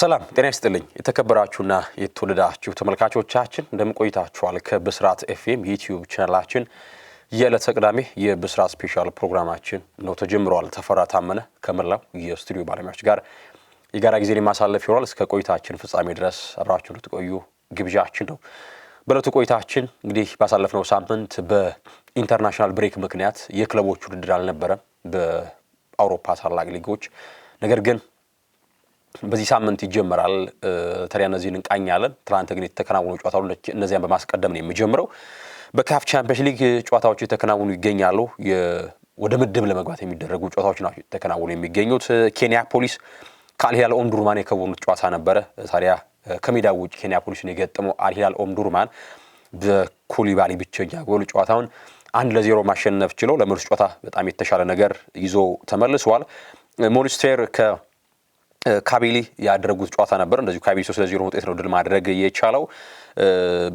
ሰላም ጤና ይስጥልኝ። የተከበራችሁና የተወደዳችሁ ተመልካቾቻችን እንደምን ቆይታችኋል? ከብስራት ኤፍኤም ዩቲዩብ ቻናላችን የዕለተ ቅዳሜ የብስራት ስፔሻል ፕሮግራማችን ነው ተጀምረዋል። ተፈራ ታመነ ከመላው የስቱዲዮ ባለሙያዎች ጋር የጋራ ጊዜን የማሳለፍ ይሆናል። እስከ ቆይታችን ፍጻሜ ድረስ አብራችሁ እንድትቆዩ ግብዣችን ነው። በዕለቱ ቆይታችን እንግዲህ ባሳለፍነው ሳምንት በኢንተርናሽናል ብሬክ ምክንያት የክለቦች ውድድር አልነበረም በአውሮፓ ታላቅ ሊጎች። ነገር ግን በዚህ ሳምንት ይጀምራል። ተሪያ እነዚህን እንቃኛለን። ትናንት ግን የተከናወኑ ጨዋታዎች እነዚያን በማስቀደም ነው የሚጀምረው። በካፍ ቻምፒየንስ ሊግ ጨዋታዎች የተከናወኑ ይገኛሉ። ወደ ምድብ ለመግባት የሚደረጉ ጨዋታዎች ናቸው የተከናወኑ የሚገኙት። ኬንያ ፖሊስ ከአልሂላል ኦምዱርማን የከወኑት ጨዋታ ነበረ። ታዲያ ከሜዳ ውጭ ኬንያ ፖሊስን የገጠመው አልሂላል ኦምዱርማን በኩሊባሊ ብቸኛ ጎል ጨዋታውን አንድ ለዜሮ ማሸነፍ ችለው ለመልስ ጨዋታ በጣም የተሻለ ነገር ይዞ ተመልሷል። ሞኒስቴር ካቢሊ ያደረጉት ጨዋታ ነበር። እንደዚሁ ካቢሊ ሶስት ለዜሮ ውጤት ነው ድል ማድረግ የቻለው።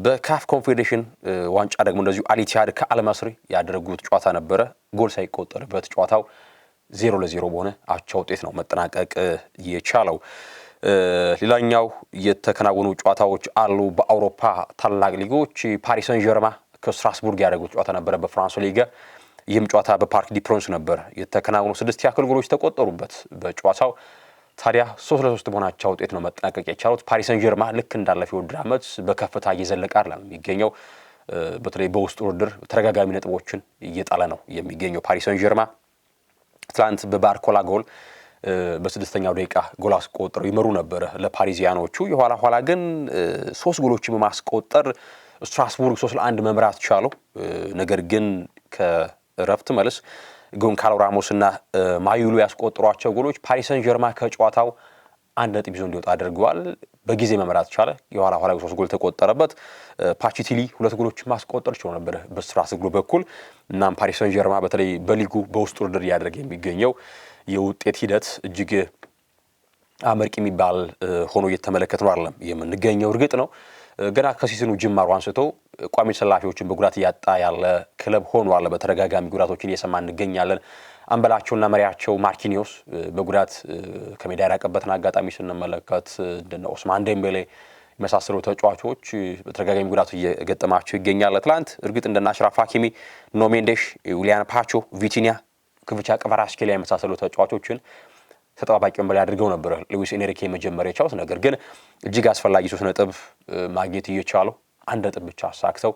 በካፍ ኮንፌዴሬሽን ዋንጫ ደግሞ እንደዚሁ አሊቲያድ ከአልማስሪ ያደረጉት ጨዋታ ነበረ። ጎል ሳይቆጠርበት ጨዋታው ዜሮ ለዜሮ በሆነ አቻ ውጤት ነው መጠናቀቅ የቻለው። ሌላኛው የተከናወኑ ጨዋታዎች አሉ። በአውሮፓ ታላቅ ሊጎች ፓሪሰን ጀርማ ከስትራስቡርግ ያደረጉት ጨዋታ ነበረ በፍራንስ ሊገ። ይህም ጨዋታ በፓርክ ዲ ፕሮንስ ነበር የተከናወኑ። ስድስት ያክል ጎሎች ተቆጠሩበት በጨዋታው ታዲያ ሶስት ለሶስት በሆናቸው ውጤት ነው መጠናቀቅ የቻሉት። ፓሪሰን ጀርማ ልክ እንዳለፈው የውድድር ዓመት በከፍታ እየዘለቀ አይደለም የሚገኘው። በተለይ በውስጥ ውድድር ተደጋጋሚ ነጥቦችን እየጣለ ነው የሚገኘው ፓሪሰን ጀርማ። ትላንት በባርኮላ ጎል በስድስተኛው ደቂቃ ጎል አስቆጥረው ይመሩ ነበረ ለፓሪዚያኖቹ። የኋላ ኋላ ግን ሶስት ጎሎችን በማስቆጠር ስትራስቡርግ ሶስት ለአንድ መምራት ቻለው። ነገር ግን ከእረፍት መልስ ጎንካሎ ራሞስና ማዩሉ ያስቆጠሯቸው ጎሎች ፓሪሰን ጀርማ ከጨዋታው አንድ ነጥብ ይዞ እንዲወጣ አድርገዋል። በጊዜ መመራት ቻለ። የኋላ ኋላ ሶስት ጎል ተቆጠረበት። ፓቺቲሊ ሁለት ጎሎች ማስቆጠር ችሎ ነበር በስትራስቡር በኩል። እናም ፓሪሰን ጀርማ በተለይ በሊጉ በውስጥ ውድድር እያደረገ የሚገኘው የውጤት ሂደት እጅግ አመርቂ የሚባል ሆኖ እየተመለከት ነው አለም የምንገኘው። እርግጥ ነው ገና ከሲዝኑ ጅማሩ አንስቶ ቋሚ ተሰላፊዎችን በጉዳት እያጣ ያለ ክለብ ሆኗል። በተደጋጋሚ ጉዳቶችን እየሰማ እንገኛለን። አንበላቸውና መሪያቸው ማርኪኒዮስ በጉዳት ከሜዳ የራቀበትን አጋጣሚ ስንመለከት እንደነ ኦስማን ዴምቤሌ የመሳሰሉ ተጫዋቾች በተደጋጋሚ ጉዳቱ እየገጠማቸው ይገኛል። ትላንት እርግጥ እንደነ አሽራፍ ሀኪሚ፣ ኖሜንዴሽ፣ ዊሊያን ፓቾ፣ ቪቲኒያ ክፍቻ ቀበራ አስኬሊያ የመሳሰሉ ተጫዋቾችን ተጠባባቂ ወንበር ላይ አድርገው ነበር ሉዊስ ኤንሪኬ የመጀመሪያ ቻውት። ነገር ግን እጅግ አስፈላጊ ሶስት ነጥብ ማግኘት እየቻሉ አንድ ነጥብ ብቻ አሳክተው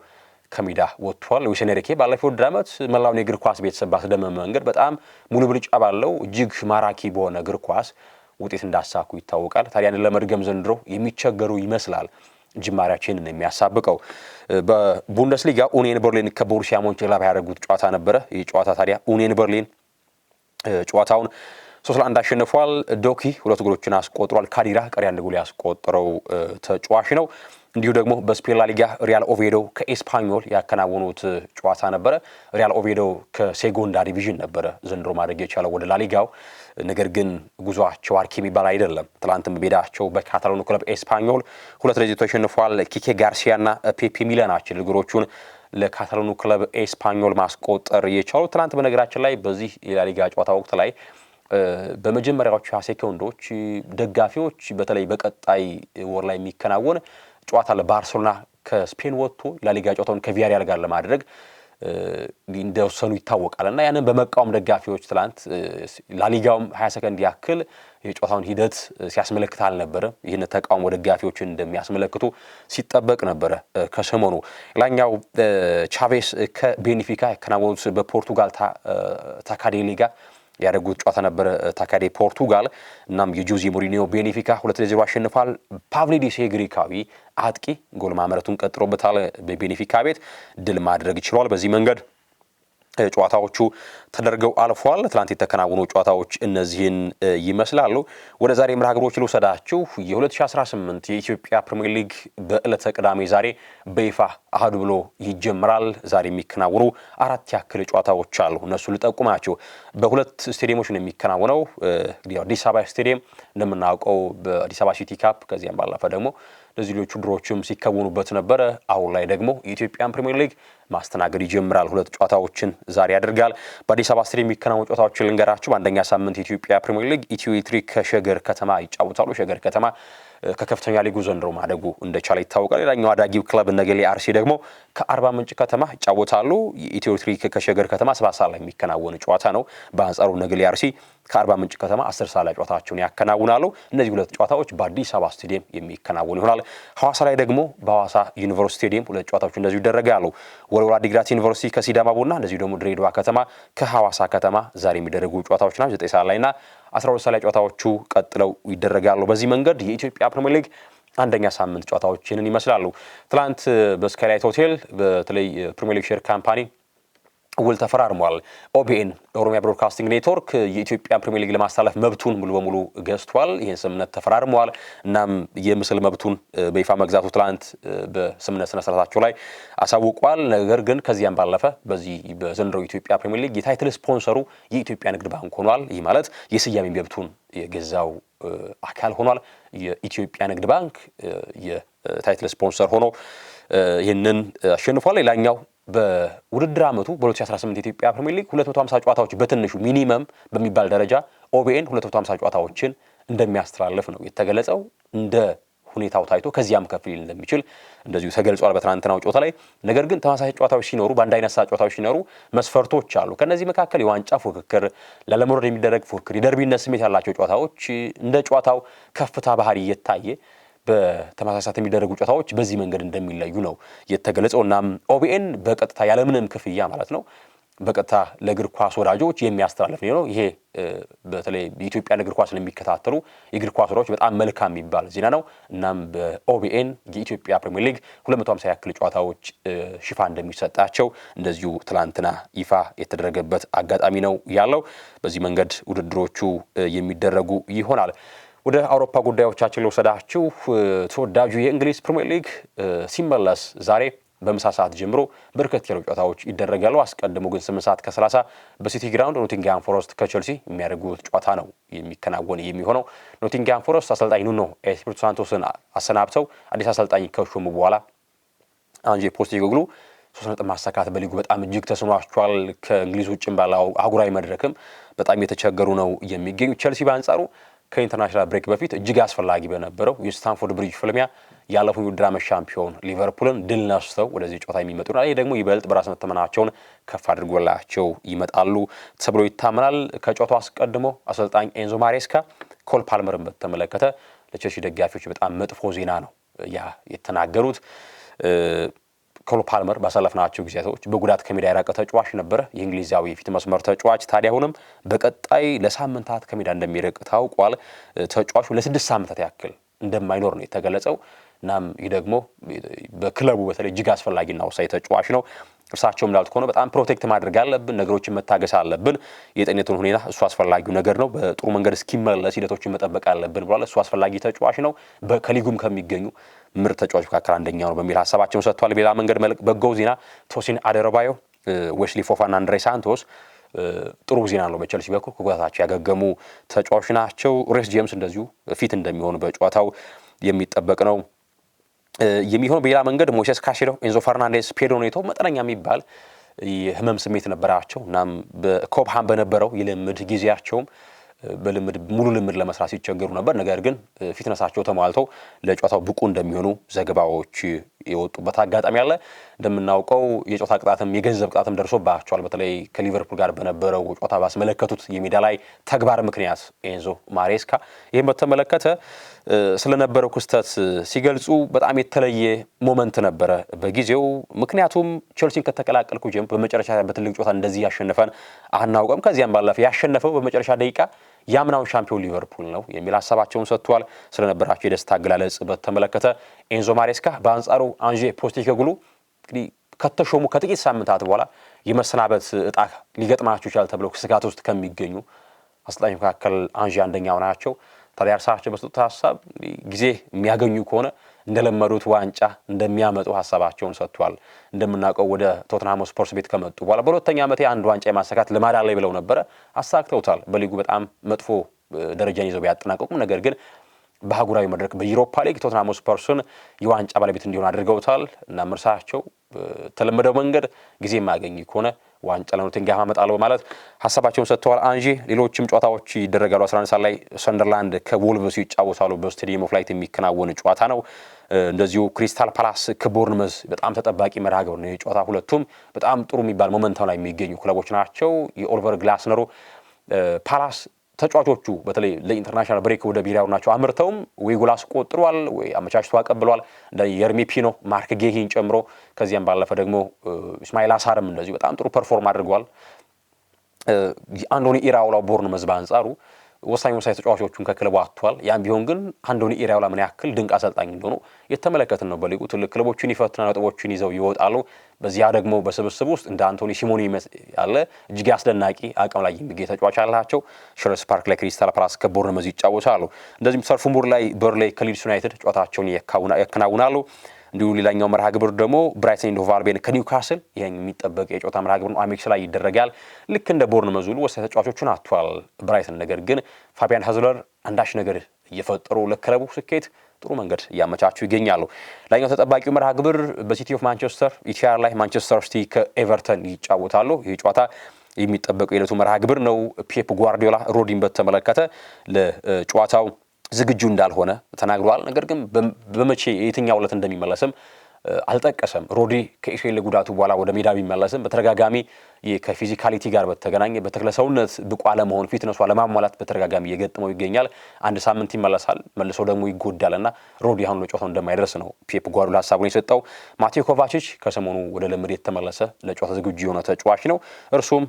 ከሜዳ ወጥቷል። ሉዊስ ኤንሪኬ ባለፈው ውድድር ዓመት መላውን የእግር ኳስ ቤተሰብ ባስደመመ መንገድ በጣም ሙሉ ብልጫ ባለው እጅግ ማራኪ በሆነ እግር ኳስ ውጤት እንዳሳኩ ይታወቃል። ታዲያን ለመድገም ዘንድሮ የሚቸገሩ ይመስላል። ጅማሪያችንን የሚያሳብቀው በቡንደስሊጋ ኡኔን በርሊን ከቦሩሲያ ሞንቸንግላድባህ ያደረጉት ጨዋታ ነበረ። ይህ ጨዋታ ታዲያ ኡኔን በርሊን ጨዋታውን ሶስት ለአንድ አሸንፏል። ዶኪ ሁለት ጎሎችን አስቆጥሯል። ካዲራ ቀሪ አንድ ጎል ያስቆጠረው ተጫዋች ነው። እንዲሁ ደግሞ በስፔን ላሊጋ ሪያል ኦቬዶ ከኤስፓኞል ያከናወኑት ጨዋታ ነበረ። ሪያል ኦቬዶ ከሴጎንዳ ዲቪዥን ነበረ ዘንድሮ ማድረግ የቻለው ወደ ላሊጋው። ነገር ግን ጉዟቸው አርኪ የሚባል አይደለም። ትላንትም በሜዳቸው በካታሎኑ ክለብ ኤስፓኞል ሁለት ለዜ ተሸንፏል። ኪኬ ጋርሲያና ፔፔ ሚላ ናቸው ልግሮቹን ለካታሎኑ ክለብ ኤስፓኞል ማስቆጠር የቻሉ ትላንት። በነገራችን ላይ በዚህ የላሊጋ ጨዋታ ወቅት ላይ በመጀመሪያዎቹ ሴኮንዶች ደጋፊዎች በተለይ በቀጣይ ወር ላይ የሚከናወን ጨዋታ ለባርሴሎና ከስፔን ወጥቶ ላሊጋ ጨዋታውን ከቪያሪያል ጋር ለማድረግ እንደወሰኑ ይታወቃል እና ያንን በመቃወም ደጋፊዎች ትላንት ላሊጋውም ሀያ ሰከንድ ያክል የጨዋታውን ሂደት ሲያስመለክት አልነበረ። ይህን ተቃውሞ ደጋፊዎችን እንደሚያስመለክቱ ሲጠበቅ ነበረ። ከሰሞኑ ላኛው ቻቬስ ከቤኒፊካ ያከናወኑት በፖርቱጋል ታካዴ ሊጋ ያደረጉት ጨዋታ ነበር ታካዴ ፖርቱጋል። እናም የጆዜ ሞሪኒዮ ቤኔፊካ ሁለት ለዜሮ አሸንፏል። ፓቭሊዲስ ግሪካዊ አጥቂ ጎል ማምረቱን ቀጥሮበታል። በቤኔፊካ ቤት ድል ማድረግ ችሏል። በዚህ መንገድ ጨዋታዎቹ ተደርገው አልፏል። ትናንት የተከናወኑ ጨዋታዎች እነዚህን ይመስላሉ። ወደ ዛሬ ምርሃ ግብሮች ልውሰዳችሁ። የ2018 የኢትዮጵያ ፕሪምየር ሊግ በዕለተ ቅዳሜ ዛሬ በይፋ አህዱ ብሎ ይጀምራል። ዛሬ የሚከናወኑ አራት ያክል ጨዋታዎች አሉ። እነሱ ልጠቁማችሁ። በሁለት ስቴዲየሞች ነው የሚከናወነው። እንግዲህ አዲስ አበባ ስቴዲየም እንደምናውቀው በአዲስ አበባ ሲቲ ካፕ ከዚያም ባለፈ ደግሞ ለዚህ ሌሎቹ ድሮችም ሲከወኑበት ነበረ። አሁን ላይ ደግሞ የኢትዮጵያን ፕሪምየር ሊግ ማስተናገድ ይጀምራል። ሁለት ጨዋታዎችን ዛሬ ያደርጋል። በአዲስ አበባ ስቴዲየም የሚከናወኑ ጨዋታዎችን ልንገራችሁ። በአንደኛ ሳምንት የኢትዮጵያ ፕሪሚየር ሊግ ኢትዮ ኤሌክትሪ ከሸገር ከተማ ይጫወታሉ። ሸገር ከተማ ከከፍተኛ ሊጉ ዘንድሮ ማደጉ እንደቻለ ይታወቃል። ሌላኛው አዳጊው ክለብ ነገሌ አርሲ ደግሞ ከአርባ ምንጭ ከተማ ይጫወታሉ። የኢትዮ ኤሌክትሪክ ከሸገር ከተማ ሰባት ሰዓት ላይ የሚከናወን ጨዋታ ነው። በአንጻሩ ነገሌ አርሲ ከአርባ ምንጭ ከተማ አስር ሰዓት ላይ ጨዋታቸውን ያከናውናሉ። እነዚህ ሁለት ጨዋታዎች በአዲስ አበባ ስቴዲየም የሚከናወኑ ይሆናል። ሐዋሳ ላይ ደግሞ በሐዋሳ ዩኒቨርስቲ ስቴዲየም ሁለት ጨዋታዎች እንደዚሁ ይደረጋሉ። ወልወላ ዲግራት ዩኒቨርሲቲ ከሲዳማ ቡና እንደዚሁ ደግሞ ድሬዳዋ ከተማ ከሐዋሳ ከተማ ዛሬ የሚደረጉ ጨዋታዎች ናቸው። ዘጠኝ ሰዓት ላይና አስራ ሁለት ሰዓት ላይ ጨዋታዎቹ ቀጥለው ይደረጋሉ። በዚህ መንገድ የኢትዮጵያ ፕሪሚየር ሊግ አንደኛ ሳምንት ጨዋታዎች ይህንን ይመስላሉ። ትላንት በስካይላይት ሆቴል በተለይ ፕሪሚየር ሊግ ሼር ካምፓኒ ውል ተፈራርሟል። ኦቢኤን ኦሮሚያ ብሮድካስቲንግ ኔትወርክ የኢትዮጵያ ፕሪሚየር ሊግ ለማስተላለፍ መብቱን ሙሉ በሙሉ ገዝቷል። ይህን ስምምነት ተፈራርመዋል። እናም የምስል መብቱን በይፋ መግዛቱ ትላንት በስምምነት ስነ ስርዓታቸው ላይ አሳውቋል። ነገር ግን ከዚያም ባለፈ በዚህ በዘንድሮ የኢትዮጵያ ፕሪሚየር ሊግ የታይትል ስፖንሰሩ የኢትዮጵያ ንግድ ባንክ ሆኗል። ይህ ማለት የስያሜ መብቱን የገዛው አካል ሆኗል። የኢትዮጵያ ንግድ ባንክ የታይትል ስፖንሰር ሆኖ ይህንን አሸንፏል። ሌላኛው በውድድር ዓመቱ በ2018 የኢትዮጵያ ፕሪሚየር ሊግ 250 ጨዋታዎች በትንሹ ሚኒመም በሚባል ደረጃ ኦቢኤን 250 ጨዋታዎችን እንደሚያስተላልፍ ነው የተገለጸው። እንደ ሁኔታው ታይቶ ከዚያም ከፍ ሊል እንደሚችል እንደዚሁ ተገልጿል በትናንትናው ጨዋታ ላይ። ነገር ግን ተመሳሳይ ጨዋታዎች ሲኖሩ፣ በአንድ አይነት ሰዓት ጨዋታዎች ሲኖሩ መስፈርቶች አሉ። ከእነዚህ መካከል የዋንጫ ፉክክር፣ ላለመውረድ የሚደረግ ፉክክር፣ የደርቢነት ስሜት ያላቸው ጨዋታዎች እንደ ጨዋታው ከፍታ ባህሪ እየታየ በተመሳሳት የሚደረጉ ጨዋታዎች በዚህ መንገድ እንደሚለዩ ነው የተገለጸው። እናም ኦቢኤን በቀጥታ ያለምንም ክፍያ ማለት ነው በቀጥታ ለእግር ኳስ ወዳጆች የሚያስተላልፍ ነው። ይሄ በተለይ በኢትዮጵያ እግር ኳስ ለሚከታተሉ የእግር ኳስ ወዳጆች በጣም መልካም የሚባል ዜና ነው። እናም በኦቢኤን የኢትዮጵያ ፕሪሚየር ሊግ 250 ያክል ጨዋታዎች ሽፋ እንደሚሰጣቸው እንደዚሁ ትላንትና ይፋ የተደረገበት አጋጣሚ ነው ያለው። በዚህ መንገድ ውድድሮቹ የሚደረጉ ይሆናል። ወደ አውሮፓ ጉዳዮቻችን ልወሰዳችሁ። ተወዳጁ የእንግሊዝ ፕሪምየር ሊግ ሲመለስ ዛሬ በምሳ ሰዓት ጀምሮ በርከት ያሉ ጨዋታዎች ይደረጋሉ። አስቀድሞ ግን ስምንት ሰዓት ከሰላሳ በሲቲ ግራውንድ ኖቲንግሃም ፎረስት ከቸልሲ የሚያደርጉት ጨዋታ ነው የሚከናወን የሚሆነው። ኖቲንግሃም ፎረስት አሰልጣኝ ኑኖ ኤስፒሪቶ ሳንቶስን አሰናብተው አዲስ አሰልጣኝ ከሾሙ በኋላ አንጄ ፖስቴኮግሉ ሶስት ነጥብ ማሳካት በሊጉ በጣም እጅግ ተስኗቸዋል። ከእንግሊዝ ውጭም ባለ አህጉራዊ መድረክም በጣም የተቸገሩ ነው የሚገኙ። ቸልሲ በአንጻሩ ከኢንተርናሽናል ብሬክ በፊት እጅግ አስፈላጊ በነበረው የስታንፎርድ ብሪጅ ፍልሚያ ያለፉ ውድድር ዓመት ሻምፒዮን ሊቨርፑልን ድል ነስተው ወደዚህ ጨዋታ የሚመጡ ና ይህ ደግሞ ይበልጥ በራስ መተመናቸውን ከፍ አድርጎላቸው ይመጣሉ ተብሎ ይታመናል። ከጨዋታው አስቀድሞ አሰልጣኝ ኤንዞ ማሬስካ ኮል ፓልመርን በተመለከተ ለቼልሲ ደጋፊዎች በጣም መጥፎ ዜና ነው ያ የተናገሩት። ኮል ፓልመር ባሳለፍናቸው ጊዜያቶች በጉዳት ከሜዳ የራቀ ተጫዋች ነበረ። የእንግሊዛዊ የፊት መስመር ተጫዋች ታዲያ አሁንም በቀጣይ ለሳምንታት ከሜዳ እንደሚርቅ ታውቋል። ተጫዋቹ ለስድስት ሳምንታት ያክል እንደማይኖር ነው የተገለጸው። እናም ይህ ደግሞ በክለቡ በተለይ እጅግ አስፈላጊና ወሳኝ ተጫዋች ነው። እርሳቸው እንዳሉት ከሆነ በጣም ፕሮቴክት ማድረግ አለብን፣ ነገሮችን መታገስ አለብን። የጤንነቱን ሁኔታ እሱ አስፈላጊው ነገር ነው። በጥሩ መንገድ እስኪመለስ ሂደቶችን መጠበቅ አለብን ብሏል። እሱ አስፈላጊ ተጫዋች ነው፣ ከሊጉም ከሚገኙ ምርጥ ተጫዋች መካከል አንደኛው ነው በሚል ሀሳባቸውን ሰጥቷል። ሌላ መንገድ በጎው ዜና ቶሲን አደረባዮ፣ ዌስሊ ፎፋና አንድሬ ሳንቶስ ጥሩ ዜና ነው። በቸልሲ በኩል ከጉዳታቸው ያገገሙ ተጫዋች ናቸው። ሬስ ጄምስ እንደዚሁ ፊት እንደሚሆኑ በጨዋታው የሚጠበቅ ነው። የሚሆነው በሌላ መንገድ ሞሴስ ካይሴዶ፣ ኤንዞ ፈርናንዴስ፣ ፔድሮ ኔቶ መጠነኛ የሚባል የህመም ስሜት ነበራቸው። እናም በኮብሃም በነበረው የልምድ ጊዜያቸውም በልምድ ሙሉ ልምድ ለመስራት ሲቸገሩ ነበር። ነገር ግን ፊትነሳቸው ተሟልተው ለጨዋታው ብቁ እንደሚሆኑ ዘገባዎች የወጡበት አጋጣሚ አለ። እንደምናውቀው የጨዋታ ቅጣትም የገንዘብ ቅጣትም ደርሶባቸዋል። በተለይ ከሊቨርፑል ጋር በነበረው ጨዋታ ባስመለከቱት የሜዳ ላይ ተግባር ምክንያት ኤንዞ ማሬስካ ይህም በተመለከተ ስለነበረው ክስተት ሲገልጹ በጣም የተለየ ሞመንት ነበረ በጊዜው። ምክንያቱም ቼልሲን ከተቀላቀልኩ ጀምሮ በመጨረሻ በትልቅ ጨዋታ እንደዚህ ያሸነፈን አናውቀም ከዚያም ባለፈ ያሸነፈው በመጨረሻ ደቂቃ የአምናውን ሻምፒዮን ሊቨርፑል ነው የሚል ሀሳባቸውን ሰጥቷል። ስለነበራቸው የደስታ አገላለጽ በተመለከተ ኤንዞ ማሬስካ። በአንጻሩ አንዤ ፖስቴኮግሉ እንግዲህ ከተሾሙ ከጥቂት ሳምንታት በኋላ የመሰናበት እጣ ሊገጥማቸው ይችላል ተብለው ስጋት ውስጥ ከሚገኙ አሰልጣኞች መካከል አንዤ አንደኛው ናቸው። ታዲያ እርሳቸው በሰጡት ሀሳብ ጊዜ የሚያገኙ ከሆነ እንደለመዱት ዋንጫ እንደሚያመጡ ሀሳባቸውን ሰጥቷል። እንደምናውቀው ወደ ቶትናሞ ስፖርት ቤት ከመጡ በኋላ በሁለተኛ ዓመቴ አንድ ዋንጫ የማሳካት ልማዳ ላይ ብለው ነበረ፣ አሳክተውታል። በሊጉ በጣም መጥፎ ደረጃን ይዘው ቢያጠናቀቁም ነገር ግን በአህጉራዊ መድረክ በዩሮፓ ሊግ ቶትናም ስፐርሱን የዋንጫ ባለቤት እንዲሆን አድርገውታል እና ምርሳቸው ተለመደው መንገድ ጊዜ የማያገኝ ከሆነ ዋንጫ ለኖቲንግሃም አመጣለሁ በማለት ሀሳባቸውን ሰጥተዋል። አንጂ ሌሎችም ጨዋታዎች ይደረጋሉ። 11 ሰዓት ላይ ሰንደርላንድ ከዎልቭስ ይጫወታሉ። በስቴዲየም ኦፍ ላይት የሚከናወን ጨዋታ ነው። እንደዚሁ ክሪስታል ፓላስ ከቦርንመዝ በጣም ተጠባቂ መርሃ ግብር ነው የጨዋታ ሁለቱም በጣም ጥሩ የሚባል ሞመንተም ላይ የሚገኙ ክለቦች ናቸው። የኦልቨር ግላስነሩ ፓላስ ተጫዋቾቹ በተለይ ለኢንተርናሽናል ብሬክ ወደ ብሔራዊ ናቸው አምርተውም ወይ ጎል አስቆጥሯል ወይ አመቻችቶ አቀብሏል። እንደ የርሚ ፒኖ፣ ማርክ ጌሂን ጨምሮ ከዚያም ባለፈ ደግሞ እስማኤል አሳርም እንደዚሁ በጣም ጥሩ ፐርፎርም አድርገዋል። አንዶኒ ኢራውላው ቦርን መዝባ አንጻሩ ወሳኝ ወሳኝ ተጫዋቾቹን ከክለቡ አጥቷል። ያም ቢሆን ግን አንዶኒ ኢራዮላ ምን ያክል ድንቅ አሰልጣኝ እንደሆኑ የተመለከትን ነው። በሊጉ ትልቅ ክለቦችን ይፈትና ነጥቦችን ይዘው ይወጣሉ። በዚያ ደግሞ በስብስብ ውስጥ እንደ አንቶኒ ሲሞኒ ያለ እጅግ አስደናቂ አቅም ላይ የሚገኝ ተጫዋች አላቸው። ሽረስ ፓርክ ላይ ክሪስታል ፓላስ ከቦርነመዝ ይጫወታሉ። እንደዚሁም ሰልፍምቡር ላይ በርሌይ ከሊድስ ዩናይትድ ጨዋታቸውን ያከናውናሉ። እንዲሁ ሌላኛው መርሃ ግብር ደግሞ ብራይተን ኤንድ ሆቭ አልቢዮን ከኒውካስል ይህ የሚጠበቅ የጨዋታ መርሃ ግብር ነው። አሜክስ ላይ ይደረጋል። ልክ እንደ ቦርን መዙሉ ወሳኝ ተጫዋቾቹን አጥቷል ብራይተን። ነገር ግን ፋቢያን ሀዝለር አንዳች ነገር እየፈጠሩ ለክለቡ ስኬት ጥሩ መንገድ እያመቻቹ ይገኛሉ። ላኛው ተጠባቂው መርሃ ግብር በሲቲ ኦፍ ማንቸስተር ኢቲሃድ ላይ ማንቸስተር ሲቲ ከኤቨርተን ይጫወታሉ። ይህ ጨዋታ የሚጠበቀው የዕለቱ መርሃ ግብር ነው። ፔፕ ጓርዲዮላ ሮዲን በተመለከተ ለጨዋታው ዝግጁ እንዳልሆነ ተናግሯል። ነገር ግን በመቼ የትኛው ዕለት እንደሚመለስም አልጠቀሰም። ሮድሪ ከኢሲኤል ጉዳቱ በኋላ ወደ ሜዳ ቢመለስም በተደጋጋሚ ከፊዚካሊቲ ጋር በተገናኘ በተክለሰውነት ብቁ አለመሆን ፊትነሱ አለማሟላት በተደጋጋሚ የገጥመው ይገኛል። አንድ ሳምንት ይመለሳል፣ መልሶ ደግሞ ይጎዳልና ሮድሪ አሁን ለጨዋታው እንደማይደርስ ነው ፔፕ ጓርዲዮላ ሀሳቡን የሰጠው። ማቴዮ ኮቫችች ከሰሞኑ ወደ ልምድ የተመለሰ ለጨዋታ ዝግጁ የሆነ ተጫዋች ነው። እርሱም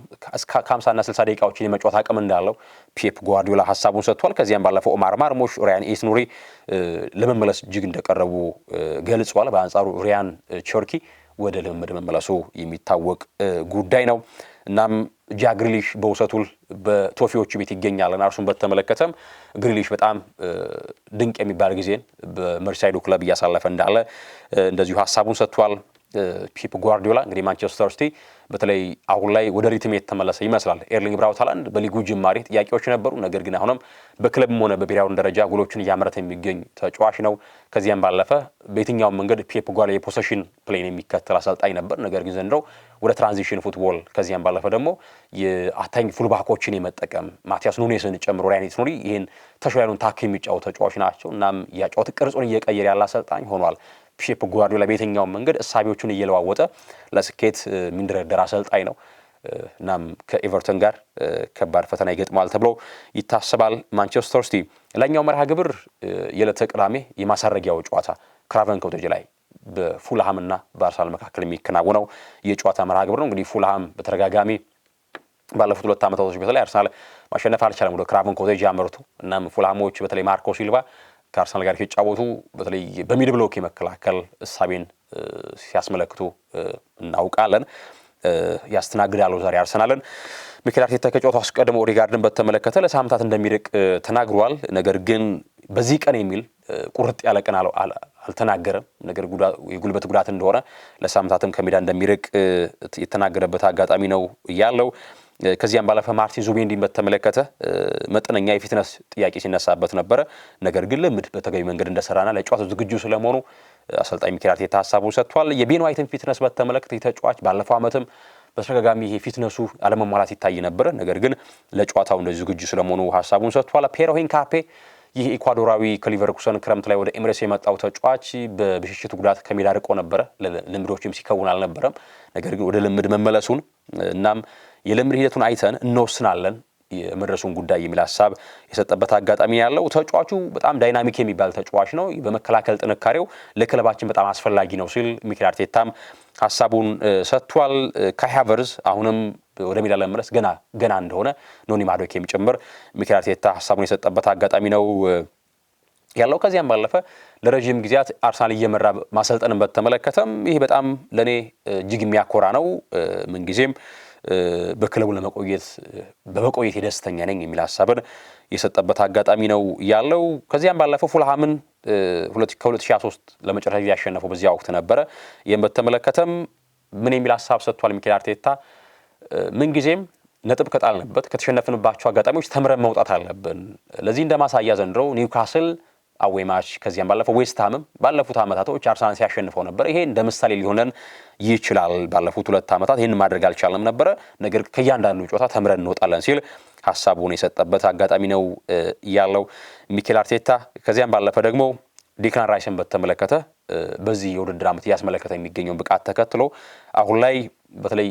ከ 50ና 60 ደቂቃዎችን የመጫወት አቅም እንዳለው ፔፕ ጓርዲዮላ ሀሳቡን ሰጥቷል። ከዚያም ባለፈው ኦማር ማርሞሽ፣ ራያን ኤስኑሪ ለመመለስ እጅግ እንደቀረቡ ገልጿል። በአንጻሩ ሪያን ቸርኪ ወደ ልምምድ መመለሱ የሚታወቅ ጉዳይ ነው። እናም ጃ ግሪሊሽ በውሰቱል በቶፊዎቹ ቤት ይገኛል እና እርሱን በተመለከተም ግሪሊሽ በጣም ድንቅ የሚባል ጊዜን በመርሳይዶ ክለብ እያሳለፈ እንዳለ እንደዚሁ ሀሳቡን ሰጥቷል። ፒፕ ጓርዲዮላ እንግዲህ ማንቸስተር ሲቲ በተለይ አሁን ላይ ወደ ሪትም የተመለሰ ይመስላል። ኤርሊንግ ብራውት ሃላንድ በሊጉ ጅማሬ ጥያቄዎች ነበሩ፣ ነገር ግን አሁንም በክለብም ሆነ በብሔራዊ ደረጃ ጎሎችን እያመረተ የሚገኝ ተጫዋች ነው። ከዚያም ባለፈ በየትኛውም መንገድ ፔፕ ጓርዲዮላ የፖሰሽን ፕሌን የሚከተል አሰልጣኝ ነበር። ነገር ግን ዘንድሮ ወደ ትራንዚሽን ፉትቦል ከዚያም ባለፈ ደግሞ የአታኝ ፉልባኮችን የመጠቀም ማቲያስ ኑኔስን ጨምሮ ራያን ኑሪ ይህን ተሻያሉን ታክ የሚጫወቱ ተጫዋች ናቸው። እናም ያጫወት ቅርጹን እየቀየር ያለ አሰልጣኝ ሆኗል። ፔፕ ጓርዲዮላ በየትኛውን መንገድ እሳቢዎቹን እየለዋወጠ ለስኬት የሚንደረደር አሰልጣኝ ነው። እናም ከኤቨርተን ጋር ከባድ ፈተና ይገጥመዋል ተብሎ ይታሰባል። ማንቸስተር ሲቲ ላኛው መርሃ ግብር የዕለተ ቅዳሜ የማሳረጊያው ጨዋታ ክራቨን ኮቴጅ ላይ በፉልሃምና በአርሰናል መካከል የሚከናወነው የጨዋታ መርሃ ግብር ነው። እንግዲህ ፉልሃም በተደጋጋሚ ባለፉት ሁለት ዓመታቶች በተለይ አርሰናል ማሸነፍ አልቻለም ወደ ክራቨን ኮቴጅ ያመርቱ። እናም ፉልሃሞች በተለይ ማርኮ ሲልቫ ከአርሰናል ጋር ሲጫወቱ በተለይ በሚድ ብሎክ የመከላከል እሳቤን ሲያስመለክቱ እናውቃለን። ያስተናግዳሉ ዛሬ አርሰናልን። ሚኬል አርቴታ ከጨዋታው አስቀድሞ ኦዴጋርድን በተመለከተ ለሳምንታት እንደሚርቅ ተናግሯል። ነገር ግን በዚህ ቀን የሚል ቁርጥ ያለ ቀን አልተናገረም። ነገር የጉልበት ጉዳት እንደሆነ ለሳምንታትም ከሜዳ እንደሚርቅ የተናገረበት አጋጣሚ ነው ያለው። ከዚያም ባለፈ ማርቲን ዙቢሜንዲን በተመለከተ መጠነኛ የፊትነስ ጥያቄ ሲነሳበት ነበረ። ነገር ግን ልምድ በተገቢ መንገድ እንደሰራና ለጨዋታው ዝግጁ ስለመሆኑ አሰልጣኝ ሚኬል አርቴታ ሀሳቡ ሰጥቷል። የቤን ዋይትን ፊትነስ በተመለከተ የተጫዋች ባለፈው ዓመትም በተደጋጋሚ ይሄ ፊትነሱ አለመሟላት ይታይ ነበረ። ነገር ግን ለጨዋታው እንደዚህ ዝግጁ ስለመሆኑ ሀሳቡን ሰጥቷል። ፔሮ ሂንካፔ ይህ ኢኳዶራዊ ከሊቨርኩሰን ክረምት ላይ ወደ ኤምሬስ የመጣው ተጫዋች በብሽሽት ጉዳት ከሜዳ ርቆ ነበረ። ልምዶችም ሲከውን አልነበረም። ነገር ግን ወደ ልምድ መመለሱን እናም የልምድ ሂደቱን አይተን እንወስናለን የመድረሱን ጉዳይ የሚል ሀሳብ የሰጠበት አጋጣሚ ያለው ተጫዋቹ በጣም ዳይናሚክ የሚባል ተጫዋች ነው። በመከላከል ጥንካሬው ለክለባችን በጣም አስፈላጊ ነው ሲል ሚኬል አርቴታም ሀሳቡን ሰጥቷል። ከሃቨርዝ አሁንም ወደ ሜዳ ለመመለስ ገና ገና እንደሆነ ኖኒ ማዱኬም ጭምር ሚኬል አርቴታ ሀሳቡን የሰጠበት አጋጣሚ ነው ያለው ከዚያም ባለፈ ለረዥም ጊዜያት አርሰናል እየመራ ማሰልጠንን በተመለከተም ይህ በጣም ለእኔ እጅግ የሚያኮራ ነው ምንጊዜም በክለቡ ለመቆየት በመቆየት የደስተኛ ነኝ የሚል ሀሳብን የሰጠበት አጋጣሚ ነው ያለው። ከዚያም ባለፈው ፉልሃምን ከ2023 ለመጨረሻ ጊዜ ያሸነፈው በዚያ ወቅት ነበረ። ይህም በተመለከተም ምን የሚል ሀሳብ ሰጥቷል ሚኬል አርቴታ? ምንጊዜም ነጥብ ከጣልንበት ከተሸነፍንባቸው አጋጣሚዎች ተምረን መውጣት አለብን። ለዚህ እንደ ማሳያ ዘንድሮ ኒውካስል አዌማች ከዚያም ባለፈው ዌስትሃምም ባለፉት ዓመታቶች አርሰናል ሲያሸንፈው ነበር። ይሄ እንደ ምሳሌ ሊሆነን ይችላል። ባለፉት ሁለት ዓመታት ይህን ማድረግ አልቻለም ነበረ፣ ነገር ከእያንዳንዱ ጨዋታ ተምረን እንወጣለን ሲል ሀሳቡን የሰጠበት አጋጣሚ ነው ያለው ሚኬል አርቴታ። ከዚያም ባለፈ ደግሞ ዴክላን ራይስን በተመለከተ በዚህ የውድድር ዓመት እያስመለከተ የሚገኘውን ብቃት ተከትሎ አሁን ላይ በተለይ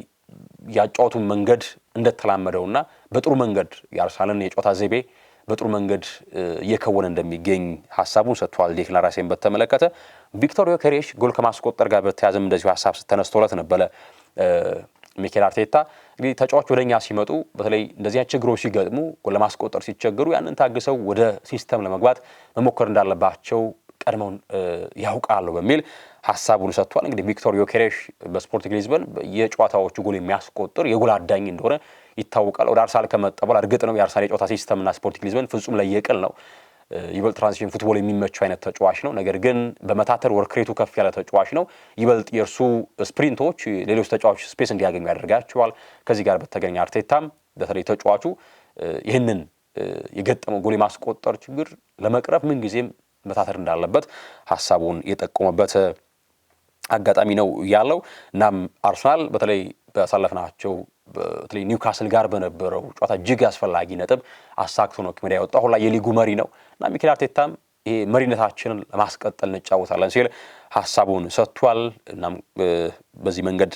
ያጫወቱን መንገድ እንደተላመደውና በጥሩ መንገድ የአርሰናልን የጨዋታ ዘይቤ በጥሩ መንገድ እየከወነ እንደሚገኝ ሀሳቡን ሰጥቷል። ዴክላን ራይስን በተመለከተ ቪክቶር ዮኬሬሽ ጎል ከማስቆጠር ጋር በተያያዘም እንደዚሁ ሀሳብ ስተነስቶለት ነበረ ሚኬል አርቴታ እንግዲህ ተጫዋች ወደ እኛ ሲመጡ በተለይ እንደዚያ ችግሮች ሲገጥሙ ለማስቆጠር ሲቸገሩ ያንን ታግሰው ወደ ሲስተም ለመግባት መሞከር እንዳለባቸው ቀድመውን ያውቃሉ በሚል ሀሳቡን ሰጥቷል። እንግዲህ ቪክቶር ዮኬሬሽ በስፖርቲንግ ሊዝበን የጨዋታዎቹ ጎል የሚያስቆጥር የጎል አዳኝ እንደሆነ ይታወቃል። ወደ አርሰናል ከመጣ በኋላ እርግጥ ነው የአርሰናል የጨዋታ ሲስተምና ስፖርቲንግ ሊዝበን ፍጹም ለየቅል ነው። ይበልጥ ትራንዚሽን ፉትቦል የሚመቸው አይነት ተጫዋች ነው። ነገር ግን በመታተር ወርክሬቱ ከፍ ያለ ተጫዋች ነው። ይበልጥ የእርሱ ስፕሪንቶች ሌሎች ተጫዋች ስፔስ እንዲያገኙ ያደርጋቸዋል። ከዚህ ጋር በተገኘ አርቴታም በተለይ ተጫዋቹ ይህንን የገጠመው ጎል የማስቆጠር ችግር ለመቅረፍ ምንጊዜም መታተር እንዳለበት ሀሳቡን የጠቆመበት አጋጣሚ ነው ያለው። እናም አርሰናል በተለይ ባሳለፍናቸው በተለይ ኒውካስል ጋር በነበረው ጨዋታ እጅግ አስፈላጊ ነጥብ አሳክቶ ነው ከሜዳ የወጣው። አሁን ላይ የሊጉ መሪ ነው እና ሚኬል አርቴታም ይሄ መሪነታችንን ለማስቀጠል እንጫወታለን ሲል ሀሳቡን ሰጥቷል። እናም በዚህ መንገድ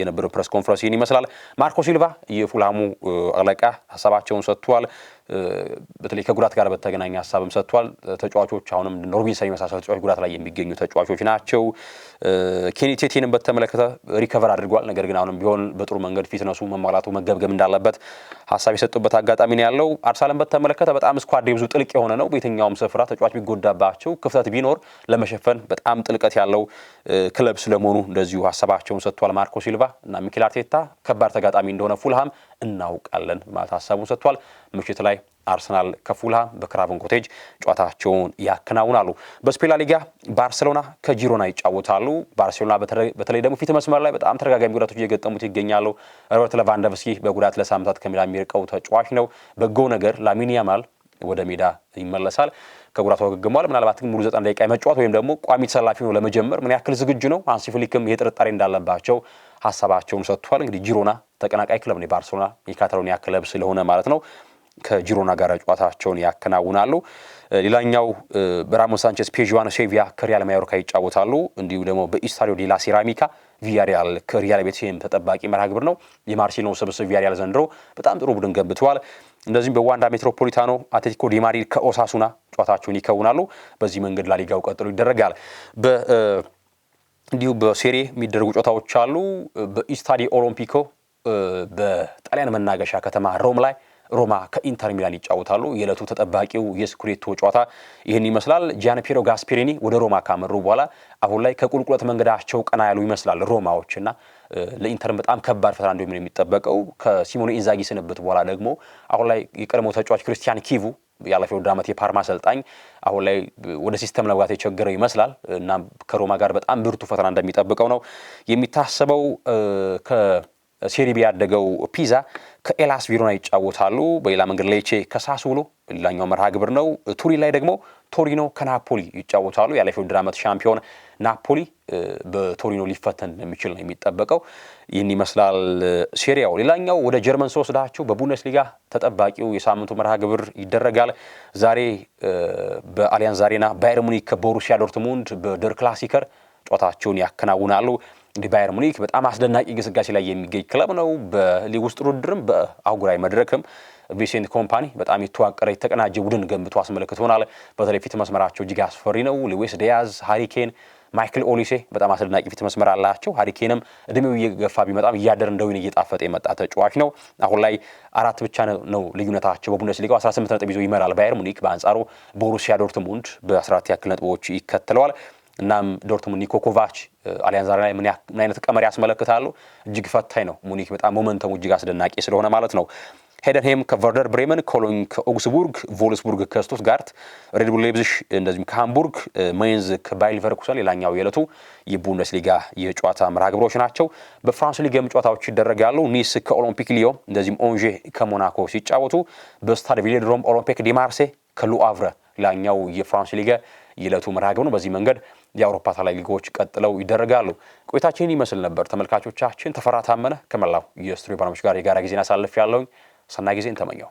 የነበረው ፕሬስ ኮንፈረንስ ይህን ይመስላል። ማርኮ ሲልቫ የፉልሃሙ አለቃ ሀሳባቸውን ሰጥቷል። በተለይ ከጉዳት ጋር በተገናኘ ሀሳብም ሰጥቷል። ተጫዋቾች አሁንም ሮቢንሰን የመሳሰሉ ተጫዋች ጉዳት ላይ የሚገኙ ተጫዋቾች ናቸው። ኬኒቴቴንም በተመለከተ ሪከቨር አድርጓል። ነገር ግን አሁንም ቢሆን በጥሩ መንገድ ፊትነሱ መሟላቱ መገምገም እንዳለበት ሀሳብ የሰጡበት አጋጣሚ ነው ያለው። አርሰናልን በተመለከተ በጣም ስኳድ ብዙ ጥልቅ የሆነ ነው። በየትኛውም ስፍራ ተጫዋች ቢጎዳባቸው ክፍተት ቢኖር ለመሸፈን በጣም ጥልቅ ጥልቀት ያለው ክለብ ስለመሆኑ እንደዚሁ ሀሳባቸውን ሰጥቷል። ማርኮ ሲልቫ እና ሚኬል አርቴታ ከባድ ተጋጣሚ እንደሆነ ፉልሃም እናውቃለን ማለት ሀሳቡን ሰጥቷል። ምሽት ላይ አርሰናል ከፉልሃም በክራቨን ኮቴጅ ጨዋታቸውን ያከናውናሉ። በስፔላ ሊጋ ባርሴሎና ከጂሮና ይጫወታሉ። ባርሴሎና በተለይ ደግሞ ፊት መስመር ላይ በጣም ተደጋጋሚ ጉዳቶች እየገጠሙት ይገኛሉ። ሮበርት ሌቫንዶቭስኪ በጉዳት ለሳምንታት ከሚላ የሚርቀው ተጫዋች ነው። በጎ ነገር ላሚን ያማል ወደ ሜዳ ይመለሳል። ከጉዳቱ አገግሟል። ምናልባት ግን ሙሉ ዘጠና ደቂቃ መጫወት ወይም ደግሞ ቋሚ ተሰላፊ ነው ለመጀመር ምን ያክል ዝግጁ ነው? ሃንሲ ፍሊክም ይሄ ጥርጣሬ እንዳለባቸው ሀሳባቸውን ሰጥቷል። እንግዲህ ጂሮና ተቀናቃይ ክለብ ነው የባርሴሎና የካታሎኒያ ክለብ ስለሆነ ማለት ነው ከጂሮና ጋር ጨዋታቸውን ያከናውናሉ። ሌላኛው በራሞስ ሳንቼስ ፔዥዋን ሴቪያ ከሪያል ማዮርካ ይጫወታሉ። እንዲሁ ደግሞ በኢስታዲዮ ዴላ ሴራሚካ ቪያሪያል ከሪያል ቤቲስ ተጠባቂ መርሃግብር ነው። የማርሴሎናው ስብስብ ቪያሪያል ዘንድሮ በጣም ጥሩ ቡድን ገንብተዋል። እንደዚሁም በዋንዳ ሜትሮፖሊታኖ አትሌቲኮ ዲማድሪድ ከኦሳሱና ጨዋታቸውን ይከውናሉ። በዚህ መንገድ ላሊጋው ቀጥሎ ይደረጋል። እንዲሁ በሴሬ የሚደረጉ ጨዋታዎች አሉ። በኢስታዲ ኦሎምፒኮ በጣሊያን መናገሻ ከተማ ሮም ላይ ሮማ ከኢንተር ሚላን ይጫወታሉ። የዕለቱ ተጠባቂው የስኩዴቶ ጨዋታ ይህን ይመስላል። ጃንፔሮ ጋስፔሪኒ ወደ ሮማ ካመሩ በኋላ አሁን ላይ ከቁልቁለት መንገዳቸው ቀና ያሉ ይመስላል ሮማዎችና ለኢንተር በጣም ከባድ ፈተና እንደሚሆን የሚጠበቀው ከሲሞኔ ኢንዛጊ ስንብት በኋላ ደግሞ አሁን ላይ የቀድሞ ተጫዋች ክርስቲያን ኪቩ ያለፈው ዓመት የፓርማ አሰልጣኝ አሁን ላይ ወደ ሲስተም ለመግባት የቸገረው ይመስላል እና ከሮማ ጋር በጣም ብርቱ ፈተና እንደሚጠብቀው ነው የሚታሰበው። ሴሪቢ ያደገው ፒዛ ከኤላስ ቪሮና ይጫወታሉ። በሌላ መንገድ ሌቼ ከሳሱሎ ሌላኛው መርሃ ግብር ነው። ቱሪን ላይ ደግሞ ቶሪኖ ከናፖሊ ይጫወታሉ። ያለፈው የውድድር ዓመት ሻምፒዮን ናፖሊ በቶሪኖ ሊፈተን እንደሚችል ነው የሚጠበቀው። ይህን ይመስላል ሴሪያው። ሌላኛው ወደ ጀርመን በቡንደስ ሊጋ ተጠባቂው የሳምንቱ መርሃ ግብር ይደረጋል። ዛሬ በአሊያንዝ አሬና ባየር ሙኒክ ከቦሩሲያ ዶርትሙንድ በደር ክላሲከር ጨዋታቸውን ያከናውናሉ። እንግዲህ ባየር ሙኒክ በጣም አስደናቂ ግስጋሴ ላይ የሚገኝ ክለብ ነው። በሊግ ውስጥ ውድድርም በአህጉራዊ መድረክም ቪሴንት ኮምፓኒ በጣም የተዋቀረ የተቀናጀ ቡድን ገንብቶ አስመልክቶናል። በተለይ ፊት መስመራቸው እጅግ አስፈሪ ነው። ሉዊስ ዲያዝ፣ ሃሪኬን፣ ማይክል ኦሊሴ በጣም አስደናቂ ፊት መስመር አላቸው። ሃሪኬንም እድሜው እየገፋ ቢመጣም እያደር እንደ እየጣፈጠ የመጣ ተጫዋች ነው። አሁን ላይ አራት ብቻ ነው ልዩነታቸው በቡንደስሊጋው 18 ነጥብ ይዞ ይመራል ባየር ሙኒክ። በአንጻሩ ቦሩሲያ ዶርትሙንድ በ14 ያክል ነጥቦች ይከተለዋል። እናም ዶርትሙንድ ኒኮ ኮቫች አሊያንዝ አሬና ላይ ምን አይነት ቀመር ያስመለክታሉ? እጅግ ፈታኝ ነው። ሙኒክ በጣም ሞመንተሙ እጅግ አስደናቂ ስለሆነ ማለት ነው። ሄደንሄም ከቨርደር ብሬመን፣ ኮሎኝ ከኦግስቡርግ፣ ቮልስቡርግ ከስቱትጋርት፣ ሬድቡል ሌብዝሽ እንደዚሁም ከሃምቡርግ፣ ሜንዝ ከባየር ሊቨርኩሰን ሌላኛው የዕለቱ የቡንደስሊጋ የጨዋታ መርሃ ግብሮች ናቸው። በፍራንስ ሊግም ጨዋታዎች ይደረጋሉ። ኒስ ከኦሎምፒክ ሊዮ እንደዚሁም ኦንዤ ከሞናኮ ሲጫወቱ፣ በስታድ ቪሌድሮም ኦሎምፒክ ዲማርሴ ከሉአቭረ ሌላኛው የፍራንስ ሊገ የዕለቱ መርሃ ግብር ነው። በዚህ መንገድ የአውሮፓ ታላይ ሊጎች ቀጥለው ይደረጋሉ። ቆይታችን ይመስል ነበር። ተመልካቾቻችን ተፈራ ታመነ ከመላው የስቱዲዮ ባለሙያዎች ጋር የጋራ ጊዜን አሳልፍ ያለውኝ ሰና ጊዜን ተመኘው።